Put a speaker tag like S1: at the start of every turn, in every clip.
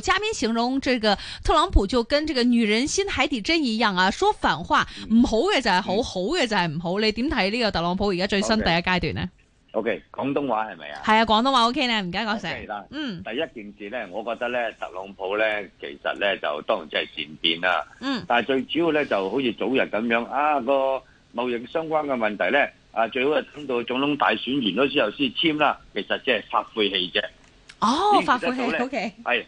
S1: 嘉賓形容這個特朗普就跟這個女人心海底針一樣啊，說反話，唔好嘅就係好，嗯，好好嘅就係唔好，你點睇呢個特朗普而家最新第一階段呢
S2: ？OK，廣東話係咪啊？
S1: 係啊，廣東話 OK 呢，唔該講聲。嗯，
S2: 第一件事呢，我覺得咧，特朗普咧，其實咧就當然即係善變啦。嗯，但係最主要咧就好似早日咁樣啊，個貿易相關嘅問題咧啊，最好係等到總統大選完咗之後先簽啦。其實即係發晦氣啫。哦，發晦氣，O K，係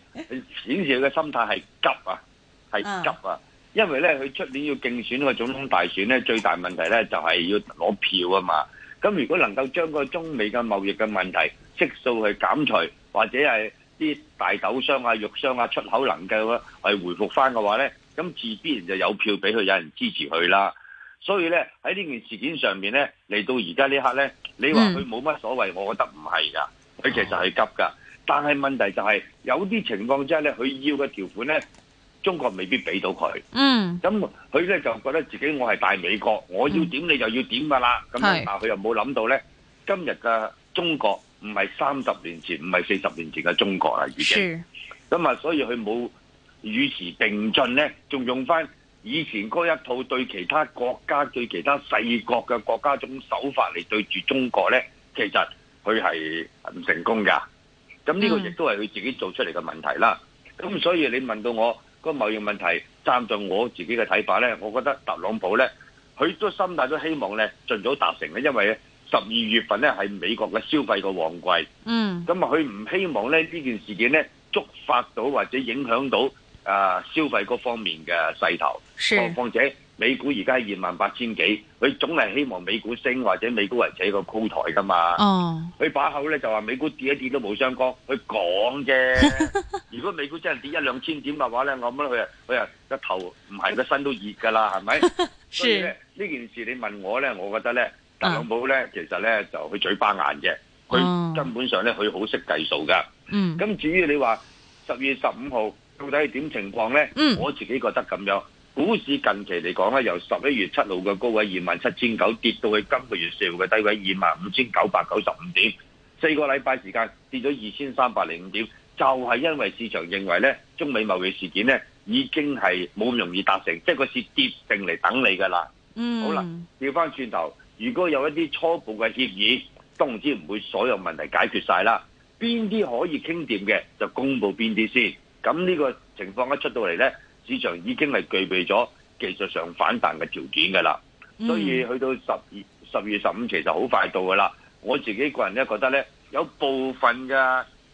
S2: 顯示佢嘅心態係急啊，係急啊、嗯，因為咧佢出年要競選個總統大選咧，最大問題咧就係、是、要攞票啊嘛。咁如果能夠將個中美嘅貿易嘅問題悉數去減除，或者係啲大豆商啊、肉商啊出口能夠係回復翻嘅話咧，咁自必然就有票俾佢有人支持佢啦。所以咧喺呢在這件事件上面咧嚟到而家呢刻咧，你話佢冇乜所謂，我覺得唔係噶，佢、嗯、其實係急噶。但係問題就係、是、有啲情況之下咧，佢要嘅條款咧，中國未必俾到佢。
S3: 嗯，
S2: 咁佢咧就覺得自己我係大美國，我要點你就要點噶啦。咁但佢又冇諗到咧，今日嘅中國唔係三十年前、唔係四十年前嘅中國喇已經。咁啊，所以佢冇與時並進咧，仲用翻以前嗰一套對其他國家、對其他細國嘅國家種手法嚟對住中國咧，其實佢係唔成功㗎。咁、嗯、呢個亦都係佢自己做出嚟嘅問題啦。咁所以你問到我個貿易問題，站在我自己嘅睇法呢。我覺得特朗普呢，佢都心態都希望呢，盡早達成咧，因為十二月份呢係美國嘅消費嘅旺季。嗯。咁啊，佢唔希望呢呢件事件呢觸發到或者影響到啊消費嗰方面嘅勢頭，況且，美股而家係二萬八千幾，佢總係希望美股升或者美股維持一個高台噶嘛。哦，佢把口咧就話美股跌一跌都冇相干，佢講啫。 如果美股真係跌一兩千點嘅話咧，我諗佢啊佢啊個頭唔係個身都熱噶啦，係咪？ 所以是。呢件事你問我咧，我覺得咧特朗普咧、uh. 其實咧就佢嘴巴硬啫，
S3: 佢根
S2: 本上咧佢好識計數噶。Oh. 嗯。咁至於你話十月十五號到底係點情況咧、嗯？我自己覺得咁樣。股市近期嚟講咧，由十一月七號嘅高位二萬七千九跌到去今個月四號嘅低位二萬五千九百九十五點，四個禮拜時間跌咗二千三百零五點，就係、是、因為市場認為咧中美貿易事件咧已經係冇咁容易達成，即係個市跌定嚟等你噶啦。嗯、mm.，好啦，調翻轉頭，如果有一啲初步嘅協議，當然之唔會所有問題解決晒啦，邊啲可以傾掂嘅就公布邊啲先。咁呢個情況一出到嚟咧。市場已經係具備咗技術上反彈嘅條件噶啦，嗯，
S3: 所以去
S2: 到十二,十二月十五其實好快到噶啦。我自己個人咧覺得咧，有部分嘅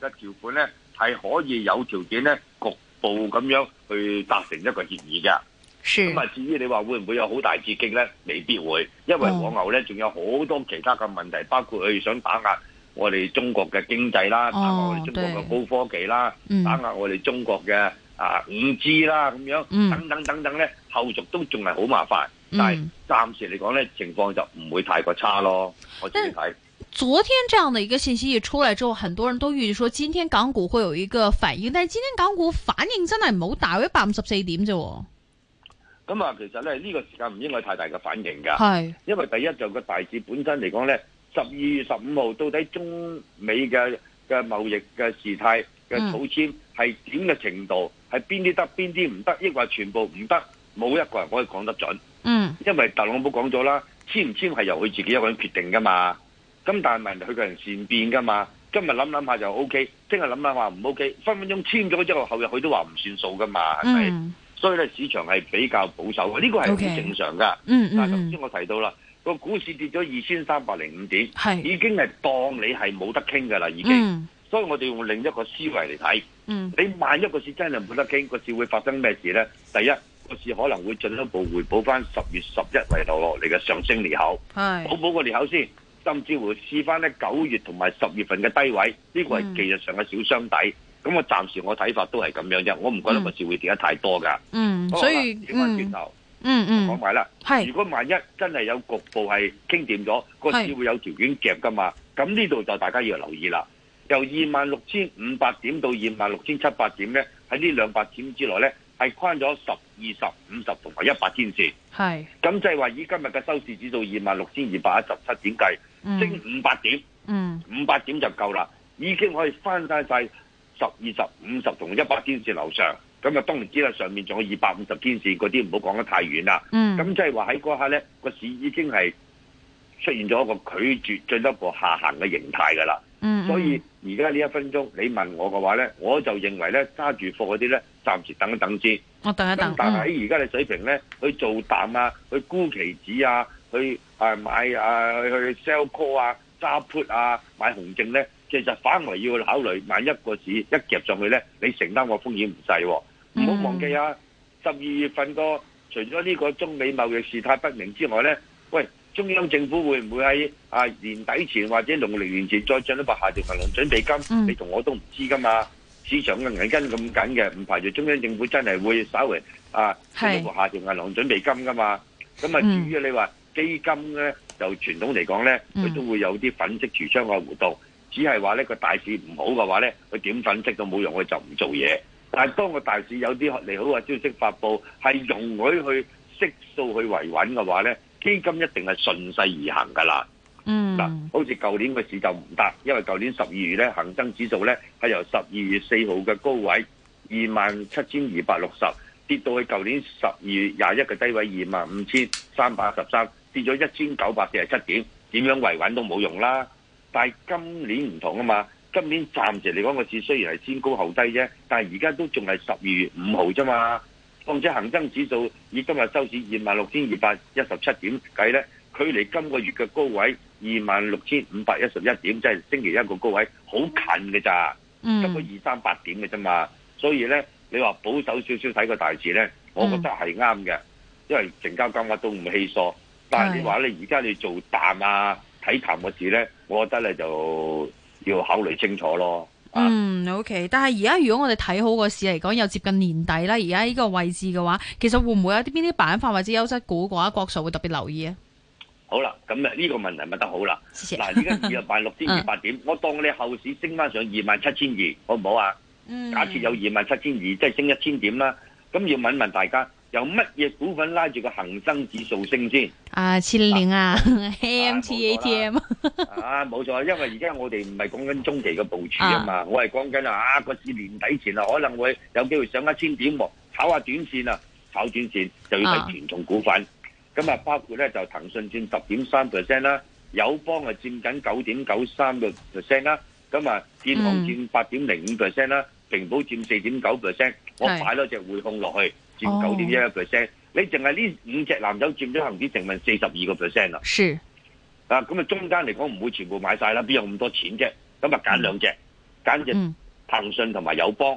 S2: 嘅條款咧係可以有條件咧局部咁樣去達成一個協議嘅。咁啊，至於你話會唔會有好大刺激咧，未必會，因為往後咧仲有好多其他嘅問題，包括佢想打壓我哋中國嘅經濟啦，打壓我哋中國嘅高科技啦，哦，打壓我哋中國嘅。嗯啊，五 G 啦，咁樣，等等等等咧、嗯，後續都仲係好麻煩、嗯，但係暫時嚟講咧，情況就唔會太過差咯。我自己睇
S1: 昨天這樣的一個信息一出嚟之後，很多人都預計說今天港股會有一個反應，但係今天港股反應真係唔好大，一百五十四點啫。
S2: 咁啊，其實咧呢、呢個時間唔應該太大嘅反應噶，係，因為第一就個大市本身嚟講咧，十二月十五號到底中美嘅嘅貿易嘅事態。嘅草簽係點嘅程度，係邊啲得，邊啲唔得，抑或全部唔得，冇一個人可以講得準。嗯，因為特朗普講咗啦，簽唔簽係由佢自己一個人決定噶嘛。咁但係問題，佢個人善變噶嘛，今日諗諗下就 O K，聽日諗諗下唔 O K，分分鐘簽咗之後，後日佢都話唔算數噶嘛，係、嗯、咪？所以咧，市場係比較保守，呢、這個係好正常噶、okay，嗯啊。嗯嗯。但頭先我提到啦，個、嗯、股市跌咗二千三百零五點，係已經係當你係冇得傾噶啦，已經。所以我哋用另一個思維嚟睇，你萬一個市真係冇得傾，個市會發生咩事咧？第一，個市可能會進一步回補翻十月十一嚟到落嚟嘅上升裂口，回補個裂口先，甚至乎試翻咧九月同埋十月份嘅低位，呢個係技術上嘅小雙底。咁我暫時我睇法都係咁樣啫，我唔覺得個市會跌得太多噶。嗯，所以講返轉頭，
S3: 嗯嗯講
S2: 埋啦，係、嗯、如果萬一真係有局部係傾掂咗，個市會有條件夾噶嘛？咁呢度就大家要留意啦。由二萬六千五百點到二萬六千七百點咧，喺呢兩百點之內咧，係跨咗十、二十、五十同埋一百天線。係。咁即係話以今日嘅收市指數二萬六千二百一十七點計，升五百點，嗯、五百點就夠啦、嗯，已經可以翻晒晒十、二十、五十同一百天線樓上。咁啊，當然之啦，上面仲有二百五十天線嗰啲唔好講得太遠啦。咁即係話喺嗰下咧，就是、個呢市已經係出現咗一個拒絕進一步下行嘅形態㗎啦。嗯，所以而家呢一分鐘你問我嘅話咧，我就認為咧，揸住貨嗰啲咧，暫時等一等先。我等一等。但係喺而家嘅水平咧，去做淡啊，去沽期指啊，去啊買啊去 sell call 啊，揸 put 啊，買紅證咧，其實反為要考慮，萬一個市一夾上去咧，你承擔個風險唔細，啊。唔好忘記啊，十二月份個除咗呢個中美貿易事態不明之外咧。中央政府會唔會喺啊年底前或者農曆年前再進一步下調銀行準備金？你同我都唔知噶嘛，市場嘅銀根咁緊嘅，唔排除中央政府真係會稍微啊下調銀行準備金噶嘛。咁啊至於你話基金咧，就傳統嚟講咧，佢都會有啲粉飾櫥窗嘅活動，只係話咧個大市唔好嘅話咧，佢點粉飾都冇用，佢就唔做嘢。但係當個大市有啲利好嘅消息發布，係容許佢去息數去維穩嘅話咧。基金一定係順勢而行噶啦，
S3: 嗱、嗯，
S2: 好似舊年個市就唔得，因為舊年十二月咧恒生指數咧係由十二月四號嘅高位二萬七千二百六十跌到去舊年十二月廿一嘅低位二萬五千三百一十三，跌咗一千九百四十七點，點樣維穩都冇用啦。但係今年唔同啊嘛，今年暫時嚟講個市雖然係先高後低啫，但係而家都仲係十二月五號啫嘛。況且恒生指數以今日收市二萬六千二百一十七點計咧，距離今個月嘅高位二萬六千五百一十一點，即係星期一個高位，好近嘅咋，
S3: 根本二
S2: 三八點嘅啫嘛。所以咧，你話保守少少睇個大字咧，我覺得係啱嘅，嗯、因為成交金額都唔稀疏。但係你話咧，而家你做淡啊睇淡個事咧，我覺得咧就要考慮清楚咯。
S1: 啊、嗯，OK。但係而家如果我哋睇好個市嚟講，又接近年底啦。而家呢個位置嘅話，其實會唔會有啲邊啲板塊或者優質股嘅話，郭叔會特別留意啊？
S2: 好啦，咁啊呢個問題問得好啦。嗱，而家二萬六千二百點，啊，我當你後市升翻上二萬七千二，好唔好啊？假設有二萬七千二，即係升一千點啦。咁要問一問大家。有乜嘢股份拉住個恒生指數升先？
S1: 啊，千零啊 AMT ATM
S2: 啊，冇錯， 因為而家我哋唔係講緊中期嘅部署啊嘛，啊我係講緊啊個市年底前啊可能會有機會上一千點，炒下短綫啊，炒短綫就要係權重股份。咁啊，包括咧就騰訊佔十點三 percent 啦，友邦啊佔緊九點九三個 percent 啦，咁啊建行佔八點零五 percent 啦，嗯，平保佔四點九 percent，我買咗隻匯控落去。佔九點一一 percent，你淨係呢五隻藍籌佔咗恒指成分四十二個 percent 啦。是啊，咁啊中間嚟講唔會全部買晒啦，邊有咁多錢啫？咁啊揀兩隻，揀只騰訊同埋友邦。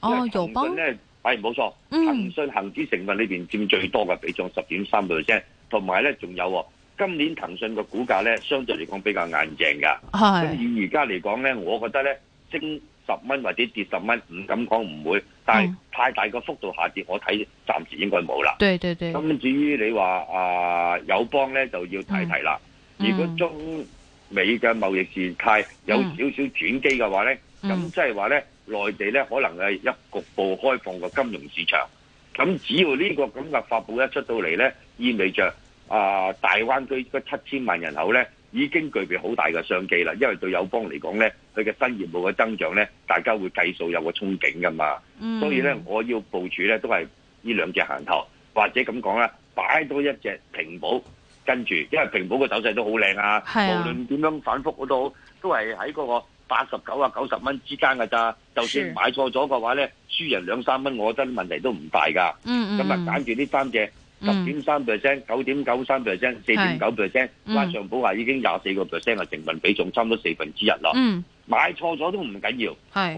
S3: 哦、嗯，友邦咧，
S2: 係、oh, 冇、哎、錯。嗯。騰訊恆指成分裏邊佔最多嘅比重十點三 percent，同埋咧仲有，呢有、哦、今年騰訊嘅股價咧，相對嚟講比較硬淨㗎。係。
S3: 咁以而
S2: 家嚟講咧，我覺得咧，升。十蚊或者跌十蚊，唔敢講唔會，但係太大個幅度下跌，我睇暫時應該冇啦。
S3: 對對對，咁
S2: 至於你話啊友邦咧，就要睇睇啦。如果中美嘅貿易事態有少少轉機嘅話咧，咁即係話咧內地咧可能係一局部開放個金融市場，咁只要呢個咁嘅發佈一出到嚟咧，意味着啊、呃、大灣區嗰七千萬人口咧。已經具備好大嘅商機啦，因為對友邦嚟講咧，佢嘅新業務嘅增長咧，大家會計數有個憧憬噶嘛。嗯。所以咧，我要部署咧都係呢兩隻行頭，或者咁講啦，擺多一隻平保跟住，因為平保嘅走勢都好靚啊，啊無論點樣反覆我都好，都係喺嗰個八十九啊、九十蚊之間嘅咋。就算買錯咗嘅話咧，輸人兩三蚊，我覺得問題都唔大㗎。嗯嗯。咁啊，揀住呢三隻。十點三 percent、九點九三 percent、四點九 percent，萬上寶華已經廿四個 percent 嘅成分比重，差唔多四分之一啦、嗯。買錯咗都唔緊要，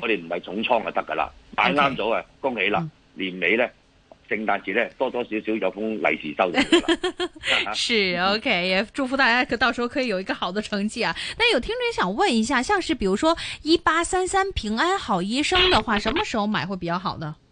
S2: 我哋唔係重倉就得噶啦，買啱咗啊，okay，恭喜啦、嗯！年尾咧，聖誕節咧，多多少少有封利 是收咗嚟啦。
S1: 是 OK，也祝福大家可到時候可以有一個好的成績啊！但有聽眾想問一下，像是比如說一八三三平安好醫生的話，什麼時候買會比較好呢？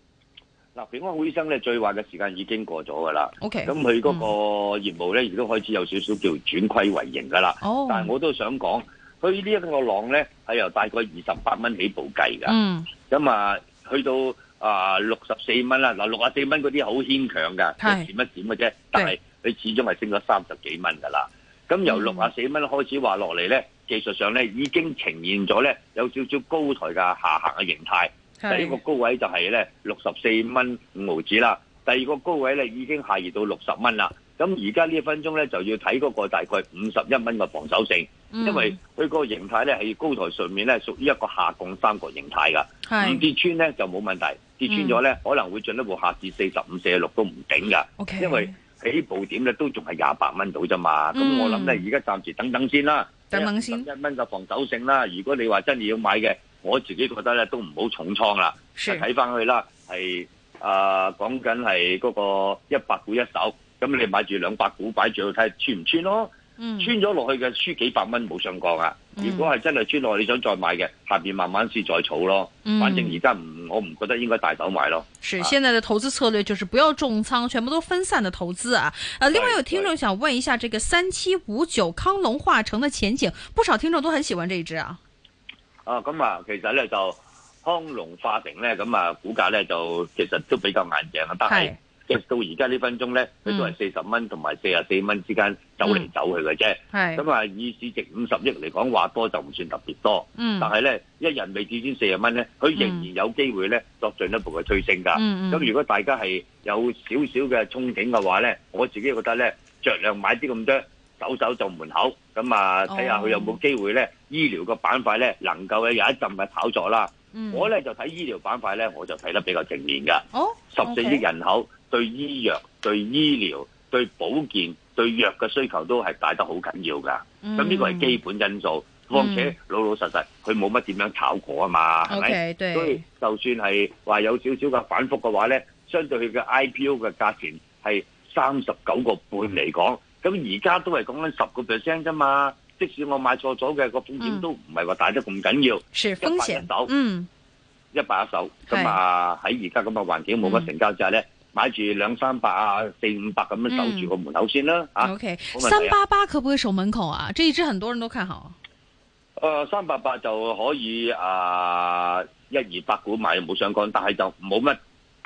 S2: 嗱，平安好醫生咧，最壞嘅時間已經過咗㗎啦。O K，咁佢嗰個業務咧，亦都開始有少少叫轉虧為盈㗎啦。哦，但係我都想講，佢呢一個浪咧，係由大概二十八蚊起步計㗎。嗯，咁、嗯、啊，去到、呃、64啊六十四蚊啦。嗱，六十四蚊嗰啲好牽強㗎，點乜點嘅啫？但係佢始終係升咗三十幾蚊㗎啦。咁由六十四蚊開始話落嚟咧，技術上咧，已經呈現咗咧有少少高台嘅下行嘅形態。第一個高位就係咧六十四蚊五毫紙啦，第二個高位咧已經下移到六十蚊啦。咁而家呢一分鐘咧就要睇嗰個大概五十一蚊嘅防守性，嗯、因為佢個形態咧喺高台上面咧屬於一個下降三角形態噶，唔跌穿咧就冇問題，跌穿咗咧可能會進一步下跌四十五、四十六都唔頂噶，因為起步點咧都仲係廿八蚊到啫嘛。咁、嗯、我諗咧而家暫時等等先啦，等一蚊嘅防守性啦。如果你話真係要買嘅。我自己覺得咧都唔好重倉啦，睇翻去啦，係啊講緊係嗰個一百股一手，咁你買住兩百股擺住，睇下穿唔穿咯，嗯、穿咗落去嘅輸幾百蚊冇上槓啊！如果係真係穿落去，你想再買嘅，下邊慢慢先再儲咯、嗯。反正而家唔，我唔覺得應該大手買咯。是
S1: 現在的投資策略就是不要重倉，全部都分散的投資啊！另外有聽眾想問一下，這個三七五九康龍化成的前景，不少聽眾都很喜歡這一隻啊。
S2: 啊，咁啊，其實咧就康隆化成咧，咁啊，股價咧就其實都比較硬淨啊，但係即到而家呢分鐘咧，佢都係四十蚊同埋四十四蚊之間走嚟走去嘅啫。咁啊，以市值五十億嚟講話，話多就唔算特別多。嗯、但係咧，一日未至先四十蚊咧，佢仍然有機會咧、嗯、作進一步嘅推升㗎。咁、嗯嗯、如果大家係有少少嘅憧憬嘅話咧，我自己覺得咧，着量買啲咁多。走走就門口，咁啊睇下佢有冇機會咧？Oh. 醫療個板塊咧，能夠有一陣嘅炒作啦。Mm. 我咧就睇醫療板塊咧，我就睇得比較正面噶。十、oh? 四、okay. 億人口對醫藥、對醫療、對保健、對藥嘅需求都係大得好緊要噶。咁、mm. 呢個係基本因素，況且老老實實佢冇乜點樣炒過啊嘛，係、okay. 咪？Okay. 所以就算係話有少少嘅反覆嘅話咧，相對佢嘅 IPO 嘅價錢係三十九個半嚟講。Mm. 咁而家都係講緊十個 percent 啫嘛，即使我買錯咗嘅個風險都唔係話大得咁緊要，一百一手，嗯，一百手咁、嗯嗯、啊喺而家咁嘅環境冇乜成交之下咧、嗯，買 2, 300, 4, 手住兩三百啊四五百咁樣守住個門口先啦、嗯、啊。O K，三八
S1: 八可唔可以守門口啊？這一隻很多人都看好。
S2: 誒、呃，三八八就可以啊，一二百股買冇相干，但係就冇乜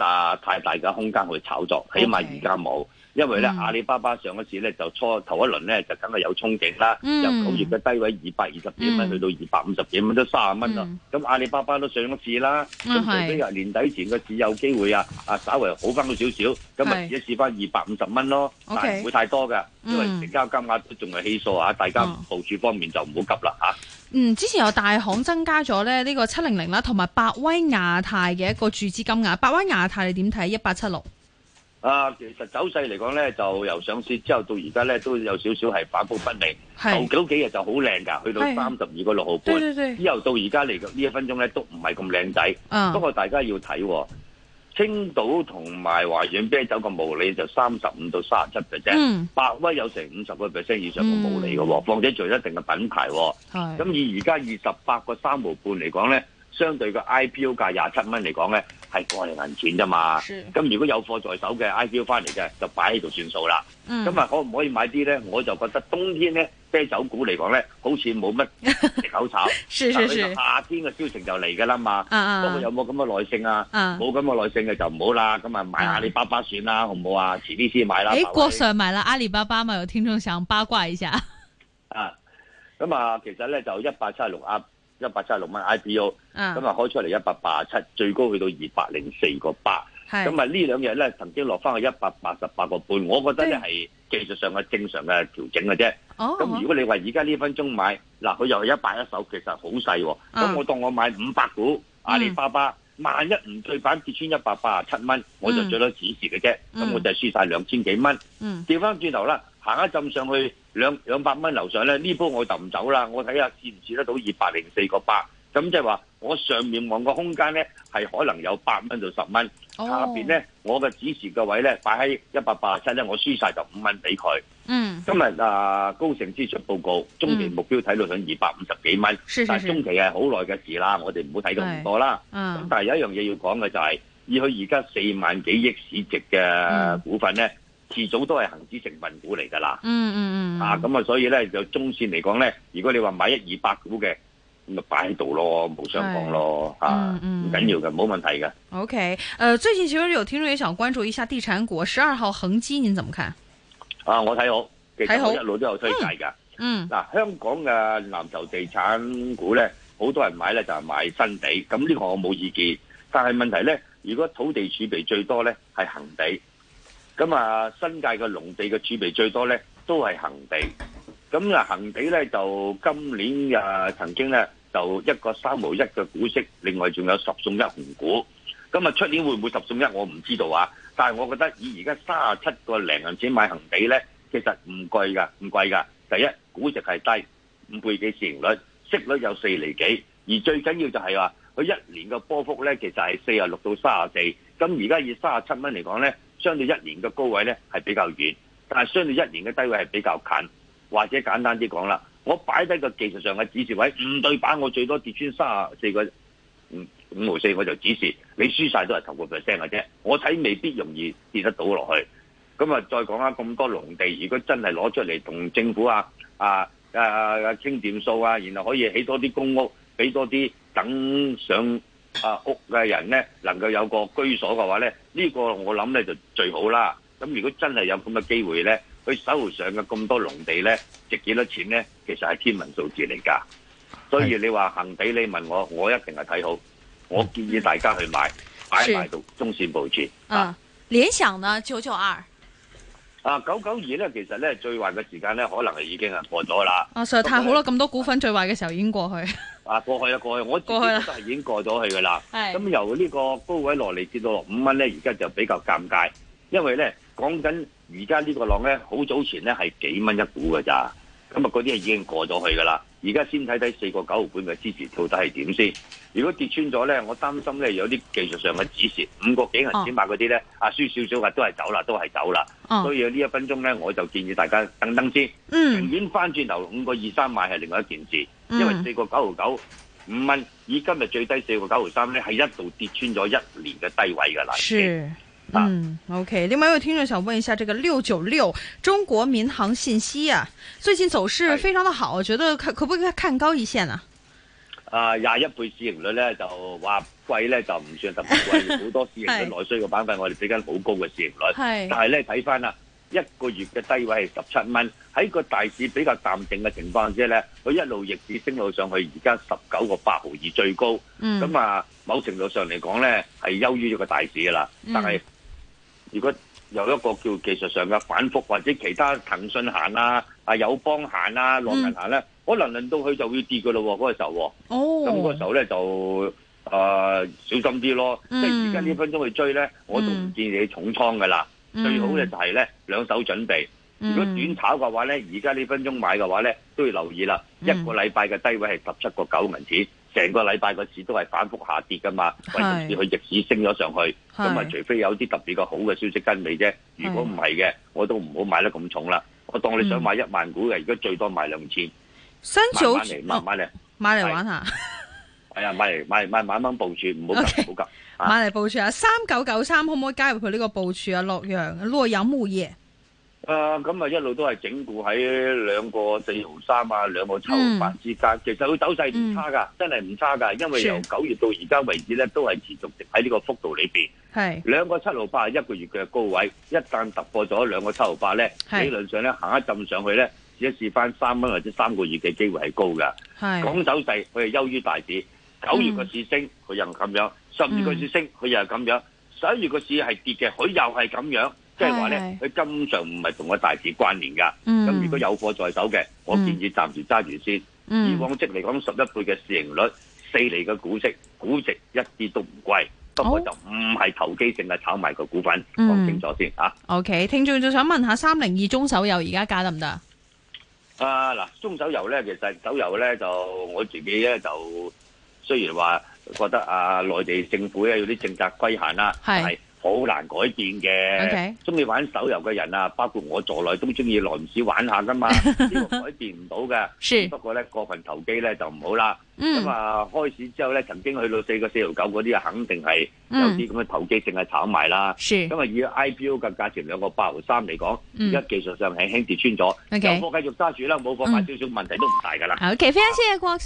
S2: 啊太大嘅空間去炒作，起碼而家冇。Okay. 因為咧，阿里巴巴上一次咧就初頭一輪咧就梗係有憧憬啦，嗯、由九月嘅低位二百二十幾蚊去到二百五十幾蚊都三十蚊啦。咁、嗯、阿里巴巴都上咗市啦，咁所以年底前個市有機會啊啊稍為好翻少少，咁啊一市翻二百五十蚊咯，okay, 但係唔會太多噶、嗯，因為成交金額都仲係稀疏啊，大家部署方面就唔好急啦吓、啊。嗯，
S1: 之前有大行增加咗咧呢個七零零啦，同埋百威亞太嘅一個注資金額，百威亞太你點睇？一八七六。
S2: 啊，其實走勢嚟講咧，就由上市之後到而家咧，都有少少係反覆不明。頭幾日就好靚噶，去到三十二個六毫半，之後到而家嚟呢一分鐘咧，都唔係咁靚仔。不過大家要睇、哦，青島同埋華遠啤酒個毛利就三十五到三十七嘅啫，百威有成五十個 percent 以上嘅毛利嘅喎、哦嗯，況且仲有一定嘅品牌、哦。咁以而家二十八個三毫半嚟講咧。相對個 IPO 價廿七蚊嚟講咧，係過嚟銀錢啫嘛。咁如果有貨在手嘅 IPO 翻嚟嘅，就擺喺度算數啦。咁、嗯、啊，可唔可以買啲咧？我就覺得冬天咧，啤酒股嚟講咧，好似冇乜好炒。 是是係夏天嘅銷情就嚟噶啦嘛。啊，啊有冇咁嘅耐性啊？冇咁嘅耐性嘅就唔好啦。咁啊，買阿里巴巴算啦，好唔好啊？遲啲先買啦。誒，郭
S1: Sir 買啦阿里巴巴嘛？有聽眾想八卦一下。
S2: 啊，咁啊，其實咧就一百七十六壓。一百七十六蚊 IPO，今、啊、日開出嚟一百八十七，最高去到二百零四個八，咁啊呢兩日咧曾經落翻去一百八十八個半，我覺得咧係技術上嘅正常嘅調整嘅啫。咁、哦、如果你話而家呢分鐘買，嗱佢又係一百一手，其實好細、哦。咁我當我買五百股、嗯、阿里巴巴，萬一唔對板跌穿一百八十七蚊，我就最多止蝕嘅啫。咁、嗯、我就係輸晒兩千幾蚊。調翻轉頭啦。行一浸上去兩百蚊樓上咧，呢波我就唔走啦，我睇下持唔持得到二百零四個八。咁即係話，我上面望個空間咧，係可能有八蚊到十蚊、
S3: 哦。下面咧，
S2: 我嘅指示嘅位咧，擺喺一百八十七咧，我輸晒就五蚊俾佢。
S3: 嗯。今日
S2: 嗱、啊，高盛資訊報告中期目標睇到上二百五十幾蚊，但係中期係好耐嘅事啦，我哋唔好睇咁多啦。咁、嗯、但係有一樣嘢要講嘅就係、是，以佢而家四萬幾億市值嘅股份咧。嗯遲早都係恒指成分股嚟噶啦，嗯嗯嗯，啊咁啊，所以咧就中線嚟講咧，如果你話買一二百股嘅，咁就擺喺度咯，冇上講咯、嗯嗯，啊，唔緊要嘅，冇問題嘅。
S1: OK，誒、呃，最近其實有聽眾也想關注一下地產股，十二號恒基，你怎麼看？
S2: 啊，我睇好，其實我一路都有推介噶，嗯，嗱、嗯啊，香港嘅藍籌地產股咧，好多人買咧就係買新地，咁呢個我冇意見，但係問題咧，如果土地儲備最多咧係恒地。咁啊，新界嘅農地嘅儲備最多咧，都係恒地。咁啊，恒地咧就今年啊，曾經咧就一個三毫一嘅股息，另外仲有十送一紅股。咁啊，出年會唔會十送一？我唔知道啊。但係我覺得以而家三十七個零銀錢買恒地咧，其實唔貴噶，唔貴噶。第一估值係低，五倍幾市盈率，息率有四厘幾。而最緊要就係話，佢一年嘅波幅咧，其實係四啊六到三啊四。咁而家以三十七蚊嚟講咧，相對一年嘅高位咧係比較遠，但係相對一年嘅低位係比較近，或者簡單啲講啦，我擺低個技術上嘅指示位，唔對版我最多跌穿卅四個五五毫四，我就指示你輸晒都係十個 percent 嘅啫。我睇未必容易跌得到落去。咁啊，再講下咁多農地，如果真係攞出嚟同政府啊啊啊傾掂數啊，然後可以起多啲公屋，俾多啲等上。啊屋嘅人咧，能夠有個居所嘅話咧，呢、這個我諗咧就最好啦。咁如果真係有咁嘅機會咧，佢手上嘅咁多農地咧，值幾多錢咧？其實係天文數字嚟噶。所以你話恒地，你問我，我一定係睇好。我建議大家去買，擺埋到中線部署。啊，
S1: 聯想呢九九二。
S2: 啊，九九二咧，其實咧最壞嘅時間咧，可能係已經係過咗啦。啊，
S1: 實在太好啦！咁多股份、啊、最壞嘅時候已經過去。
S2: 啊，過去呀，過去，我都係已經過咗去噶啦。係。咁、啊、由呢個高位落嚟跌到落五蚊咧，而家就比較尷尬，因為咧講緊而家呢個浪咧，好早前咧係幾蚊一股噶咋，咁啊嗰啲係已經過咗去噶啦。而家先睇睇四個九毫半嘅支持到底係點先？如果跌穿咗咧，我擔心咧有啲技術上嘅止蝕，五個幾銀錢買嗰啲咧，阿，輸少少話都係走啦，都係走啦。Oh. 所以呢一分鐘咧，我就建議大家等等先，寧、mm. 願翻轉頭五個二三萬係另外一件事，因為四個九毫九五蚊，以今日最低四個九毫三咧係一度跌穿咗一年嘅低位嘅啦。
S1: 嗯，OK，另外有聽眾想問一下，這個六九六中國民航信息啊，最近走勢非常的好，覺得可可不可以看高一線啊？
S2: 啊，廿一倍市盈率呢，就話貴呢，就唔算特別貴，好 多市盈率內需嘅板塊我哋比緊好高嘅市盈率， 但係呢，睇翻啦，一個月嘅低位係十七蚊，喺個大市比較淡定嘅情況之下呢，佢一路逆市升到上去，而家十九個八毫二最高，嗯，咁啊，某程度上嚟講呢，係優於一個大市噶啦，但係。嗯如果有一個叫技術上嘅反覆或者其他騰訊行啊、啊友邦行啊、農銀行咧、嗯，可能輪到佢就會跌嘅咯喎，嗰、那個時候，
S3: 咁、哦、嗰個時候
S2: 咧就啊、呃、小心啲咯。嗯、即係而家呢分鐘去追咧，我仲唔建議你重倉嘅啦、嗯，最好嘅就係咧兩手準備。嗯、如果短炒嘅話咧，而家呢分鐘買嘅話咧，都要留意啦、嗯。一個禮拜嘅低位係十七個九文錢。成個禮拜個市都係反覆下跌噶嘛，唯獨佢逆市升咗上去，咁咪除非有啲特別嘅好嘅消息，跟尾啫。如果唔係嘅，我都唔好買得咁重啦。我當你想買一萬股嘅，而、嗯、家最多買兩千，買早，嚟，嚟、哦，
S1: 買嚟玩下。係
S2: 啊，買嚟買來買買慢慢部署，唔好，唔好急。
S1: 買嚟部署。Okay, 啊！三九九三可唔可以加入佢呢個部署？啊？洛陽，洛陽鉬業。
S2: 啊，咁啊一路都係整固喺兩個四毫三啊，兩個七毫八之間。嗯、其實佢走勢唔差噶、嗯，真係唔差噶，因為由九月到而家為止咧，都係持續直喺呢個幅度裏邊。係兩個七毫八，一個月嘅高位，一旦突破咗兩個七毫八咧，理論上咧行一浸上去咧，試一試翻三蚊或者三個月嘅機會係高噶。係講走勢，佢係優於大市。九月個市升，佢、嗯、又咁樣；十二月個市升，佢、嗯、又係咁樣；十一月個市係跌嘅，佢又係咁樣。即係話咧，佢根本上唔係同我大市關聯噶。咁、嗯、如果有貨在手嘅，我建議暫時揸住先、嗯嗯。以往即係嚟講十一倍嘅市盈率，四厘嘅股息，估值一啲都唔貴。哦、我不過就唔係投機性嘅炒賣個股份，講、嗯、清楚先嚇、
S1: 啊。OK，聽眾都想問下三零二中手遊而家價得唔得
S2: 啊？嗱，中手遊咧，其實手遊咧就我自己咧就雖然話覺得啊，內地政府咧有啲政策規限啦，係。好難改變嘅，中、okay. 意玩手遊嘅人啊，包括我在內都中意耐唔少玩下噶嘛， 改變唔到嘅。不過咧，過分投機咧就唔好啦。咁啊，開始之後咧，曾經去到四個四毫九嗰啲啊，肯定係有啲咁嘅投機，淨、嗯、係炒埋啦。咁啊，以 IPO 嘅價錢兩個八毫三嚟講，而、嗯、家技術上係輕輕跌穿咗，有貨繼續揸住啦，冇貨買少少，問題都唔大噶啦。Okay.
S1: Okay. 啊